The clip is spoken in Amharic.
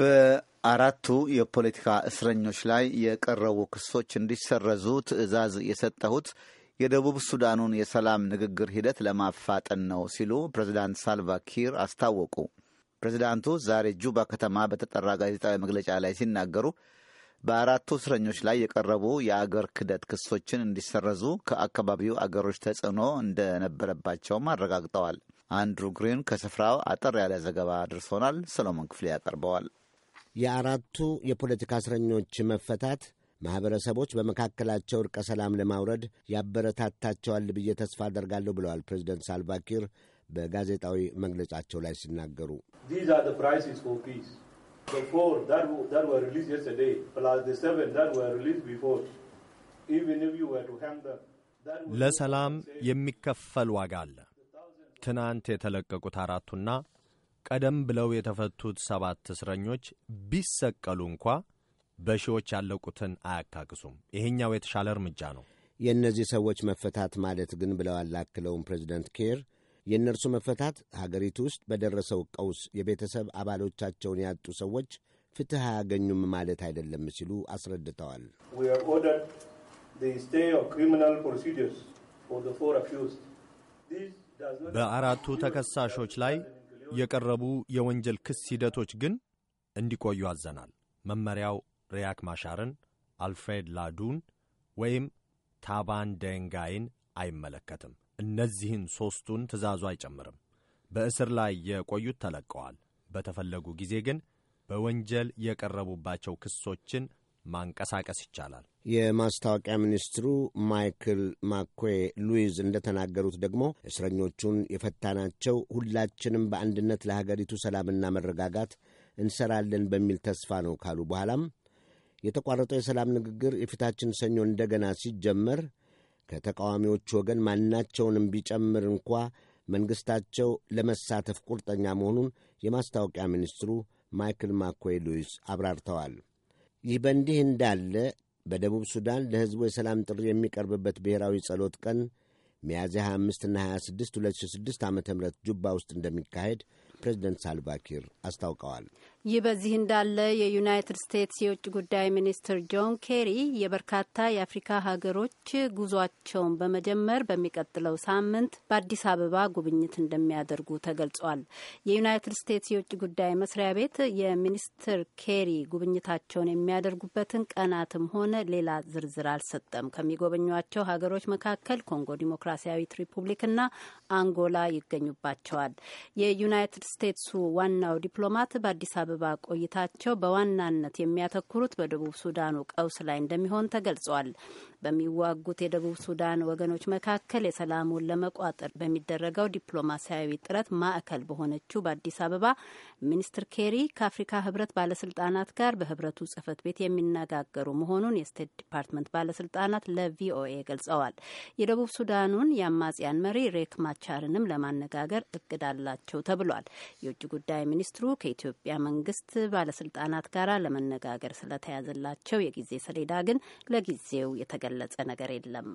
በአራቱ የፖለቲካ እስረኞች ላይ የቀረቡ ክሶች እንዲሰረዙ ትዕዛዝ የሰጠሁት የደቡብ ሱዳኑን የሰላም ንግግር ሂደት ለማፋጠን ነው ሲሉ ፕሬዚዳንት ሳልቫ ኪር አስታወቁ። ፕሬዚዳንቱ ዛሬ ጁባ ከተማ በተጠራ ጋዜጣዊ መግለጫ ላይ ሲናገሩ በአራቱ እስረኞች ላይ የቀረቡ የአገር ክህደት ክሶችን እንዲሰረዙ ከአካባቢው አገሮች ተጽዕኖ እንደነበረባቸውም አረጋግጠዋል። አንድሩ ግሪን ከስፍራው አጠር ያለ ዘገባ አድርሶናል። ሰሎሞን ክፍሌ ያቀርበዋል። የአራቱ የፖለቲካ እስረኞች መፈታት ማኅበረሰቦች በመካከላቸው እርቀ ሰላም ለማውረድ ያበረታታቸዋል ብዬ ተስፋ አደርጋለሁ ብለዋል ፕሬዚደንት ሳልቫኪር በጋዜጣዊ መግለጫቸው ላይ ሲናገሩ the four that, that were released yesterday, plus the seven that were released before, even if you were to hang them, ለሰላም የሚከፈል ዋጋ አለ። ትናንት የተለቀቁት አራቱና ቀደም ብለው የተፈቱት ሰባት እስረኞች ቢሰቀሉ እንኳ በሺዎች ያለቁትን አያካክሱም። ይሄኛው የተሻለ እርምጃ ነው። የእነዚህ ሰዎች መፈታት ማለት ግን ብለው አላክለውም ፕሬዚደንት ኬር የእነርሱ መፈታት ሀገሪቱ ውስጥ በደረሰው ቀውስ የቤተሰብ አባሎቻቸውን ያጡ ሰዎች ፍትህ አያገኙም ማለት አይደለም ሲሉ አስረድተዋል። በአራቱ ተከሳሾች ላይ የቀረቡ የወንጀል ክስ ሂደቶች ግን እንዲቆዩ አዘናል። መመሪያው ሪያክ ማሻርን፣ አልፍሬድ ላዱን ወይም ታባን ደንጋይን አይመለከትም። እነዚህን ሦስቱን ትእዛዙ አይጨምርም። በእስር ላይ የቆዩት ተለቀዋል። በተፈለጉ ጊዜ ግን በወንጀል የቀረቡባቸው ክሶችን ማንቀሳቀስ ይቻላል። የማስታወቂያ ሚኒስትሩ ማይክል ማኮ ሉዊዝ እንደተናገሩት ደግሞ እስረኞቹን የፈታናቸው ሁላችንም በአንድነት ለሀገሪቱ ሰላምና መረጋጋት እንሰራለን በሚል ተስፋ ነው ካሉ በኋላም የተቋረጠው የሰላም ንግግር የፊታችን ሰኞ እንደገና ሲጀመር ከተቃዋሚዎቹ ወገን ማናቸውንም ቢጨምር እንኳ መንግሥታቸው ለመሳተፍ ቁርጠኛ መሆኑን የማስታወቂያ ሚኒስትሩ ማይክል ማኮይ ሉዊስ አብራርተዋል። ይህ በእንዲህ እንዳለ በደቡብ ሱዳን ለሕዝቡ የሰላም ጥሪ የሚቀርብበት ብሔራዊ ጸሎት ቀን ሚያዝያ 25ና 26 2006 ዓ ም ጁባ ውስጥ እንደሚካሄድ ፕሬዚደንት ሳልቫኪር አስታውቀዋል። ይህ በዚህ እንዳለ የዩናይትድ ስቴትስ የውጭ ጉዳይ ሚኒስትር ጆን ኬሪ የበርካታ የአፍሪካ ሀገሮች ጉዟቸውን በመጀመር በሚቀጥለው ሳምንት በአዲስ አበባ ጉብኝት እንደሚያደርጉ ተገልጿል። የዩናይትድ ስቴትስ የውጭ ጉዳይ መስሪያ ቤት የሚኒስትር ኬሪ ጉብኝታቸውን የሚያደርጉበትን ቀናትም ሆነ ሌላ ዝርዝር አልሰጠም። ከሚጎበኟቸው ሀገሮች መካከል ኮንጎ ዲሞክራ ዲሞክራሲያዊት ሪፑብሊክና አንጎላ ይገኙባቸዋል። የዩናይትድ ስቴትሱ ዋናው ዲፕሎማት በአዲስ አበባ ቆይታቸው በዋናነት የሚያተኩሩት በደቡብ ሱዳኑ ቀውስ ላይ እንደሚሆን ተገልጿል። በሚዋጉት የደቡብ ሱዳን ወገኖች መካከል የሰላሙን ለመቋጠር በሚደረገው ዲፕሎማሲያዊ ጥረት ማዕከል በሆነችው በአዲስ አበባ ሚኒስትር ኬሪ ከአፍሪካ ህብረት ባለስልጣናት ጋር በህብረቱ ጽህፈት ቤት የሚነጋገሩ መሆኑን የስቴት ዲፓርትመንት ባለስልጣናት ለቪኦኤ ገልጸዋል። የደቡብ ሱዳኑ የሱዳኑን የአማጽያን መሪ ሬክ ማቻርንም ለማነጋገር እቅድ አላቸው ተብሏል። የውጭ ጉዳይ ሚኒስትሩ ከኢትዮጵያ መንግስት ባለስልጣናት ጋር ለመነጋገር ስለተያዘላቸው የጊዜ ሰሌዳ ግን ለጊዜው የተገለጸ ነገር የለም።